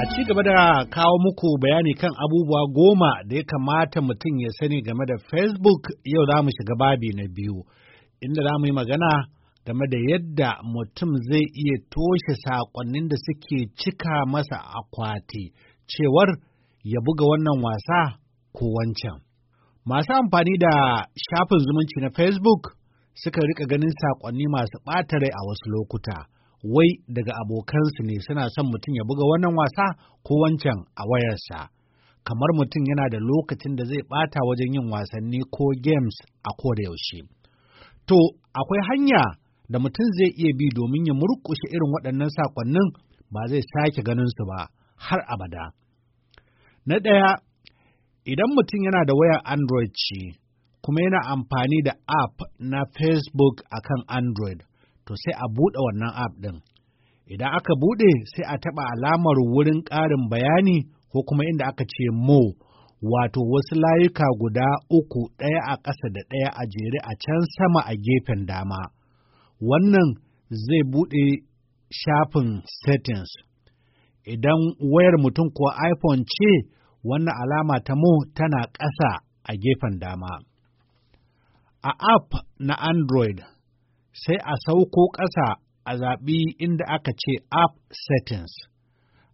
A ci gaba da kawo muku bayani kan abubuwa goma da ya kamata mutum ya sani game da Facebook yau za mu shiga babi na biyu, inda za mu yi magana game da yadda mutum zai iya toshe saƙonnin da suke cika masa akwati cewar ya buga wannan wasa ko wancan. Masu amfani da shafin zumunci na Facebook suka rika ganin saƙonni masu ɓata rai a wasu lokuta. wai daga abokansu ne suna son mutum ya buga wannan wasa ko wancan a wayarsa. Kamar mutum yana da lokacin da zai ɓata wajen yin wasanni ko games a ko da yaushe. To, akwai hanya da mutum zai iya bi domin ya murƙushe irin waɗannan saƙonnin ba zai sake ganinsu ba har abada. Na ɗaya, idan mutum yana da wayar Android ce, kuma yana amfani da app na Facebook akan Android, to sai a buɗe wannan app ɗin. Idan aka buɗe sai a taɓa alamar wurin ƙarin bayani ko kuma inda aka ce mo wato wasu layuka guda uku ɗaya a ƙasa da ɗaya a jere a can sama a gefen dama. Wannan zai buɗe shafin settings. Idan wayar mutum ko iPhone ce wannan alama ta mo tana ƙasa a gefen dama. A app na Android sai a sauko ƙasa a zaɓi inda aka ce App Settings.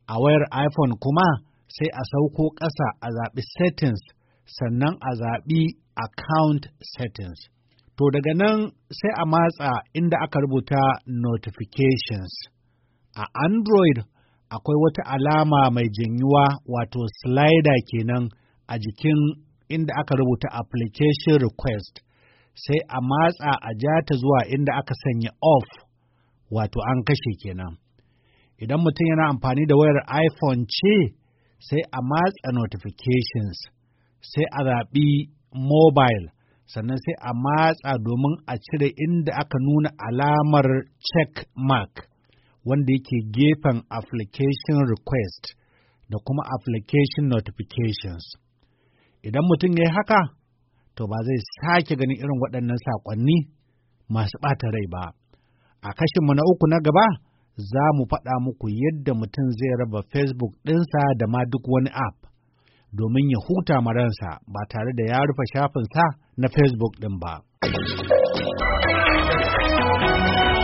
A wayar iPhone kuma sai a sauko ƙasa a zaɓi Settings sannan a zaɓi Account Settings. To daga nan sai a matsa inda aka rubuta Notifications. A Android akwai wata alama mai jinyuwa wato slider kenan a jikin inda aka rubuta Application Request. sai a matsa a ja ta zuwa inda aka sanya off wato an kashe kenan idan mutum yana amfani da wayar iphone ce sai a matsa notifications sai a zaɓi mobile sannan sai a matsa domin a cire inda aka nuna alamar check mark wanda yake gefen application request da kuma application notifications idan mutum ya yi haka to ba zai sake ganin irin waɗannan saƙonni masu ɓata rai ba. A kashinmu na uku na gaba za mu faɗa muku yadda mutum zai raba Facebook ɗinsa da ma duk wani app domin ya huta maransa ba tare da ya rufe shafinsa na Facebook ɗin ba.